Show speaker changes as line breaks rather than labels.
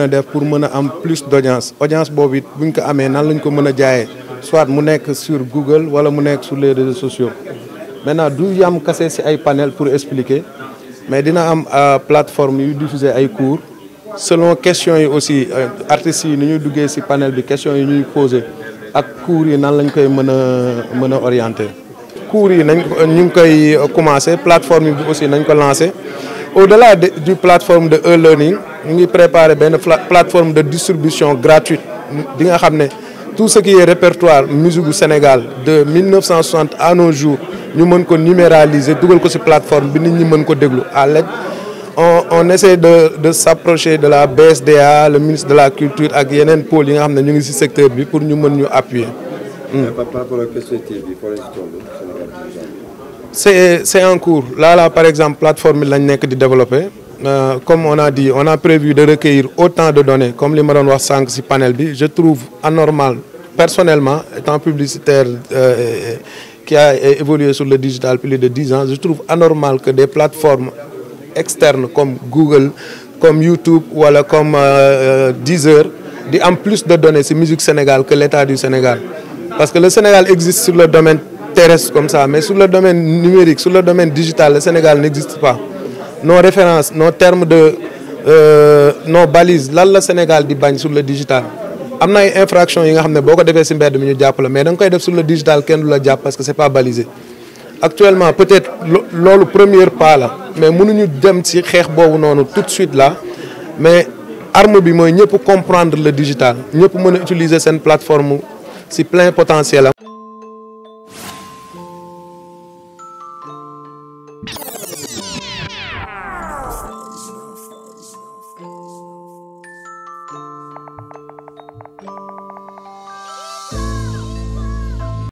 def pour mën a am plus d' audience audience boobu it buñ ko amee nan lañ ko mën a jaayee soit mu nekk sur Google wala mu nekk sur les réseaux sociaux maintenant du yam kase si ay panel pour expliquer mais dina am euh, plateforme yu diffuser ay cour selon questions yi aussi euh, artistes yi ni ñuy duggee si panel bi question yi ñuy posé ak cours yi nan lañ koy mën a mën a orienté cours yi nañ ñu ngi koy commencé plateforme bi aussi nañ ko lancé au-delà de, du plateforme de e-learning nous avons préparé une plateforme de distribution gratuite tout ce qui est répertoire musique du Sénégal de 1960 à nos jours nous avons numéralisé numéraliser ko plateforme nous on essaie de s'approcher de la BSDA le ministre de la culture ak Yenen pôles yi secteur pour nous appuyer. C'est en cours. Là, là, par exemple, plateforme l'a développée développer euh, comme on a dit, on a prévu de recueillir autant de données comme les Maronois 5 panel B. Je trouve anormal, personnellement, étant publicitaire euh, qui a évolué sur le digital plus de 10 ans, je trouve anormal que des plateformes externes comme Google, comme YouTube ou comme euh, Deezer, en plus de données sur Musique Sénégal que l'État du Sénégal. Parce que le Sénégal existe sur le domaine terrestre comme ça, mais sur le domaine numérique, sur le domaine digital, le Sénégal n'existe pas. Nos références, nos termes de... Euh, nos balises, là le Sénégal dit sur le digital. y y une infraction yi nga a beaucoup de personnes qui mais sur le digital parce que ce n'est pas balisé actuellement peut-être le premier pas là, mais nous dem nous non, tout de suite là mais arme bi comprendre le digital ñëpp mën utiliser cette plateforme c'est plein potentiel hein.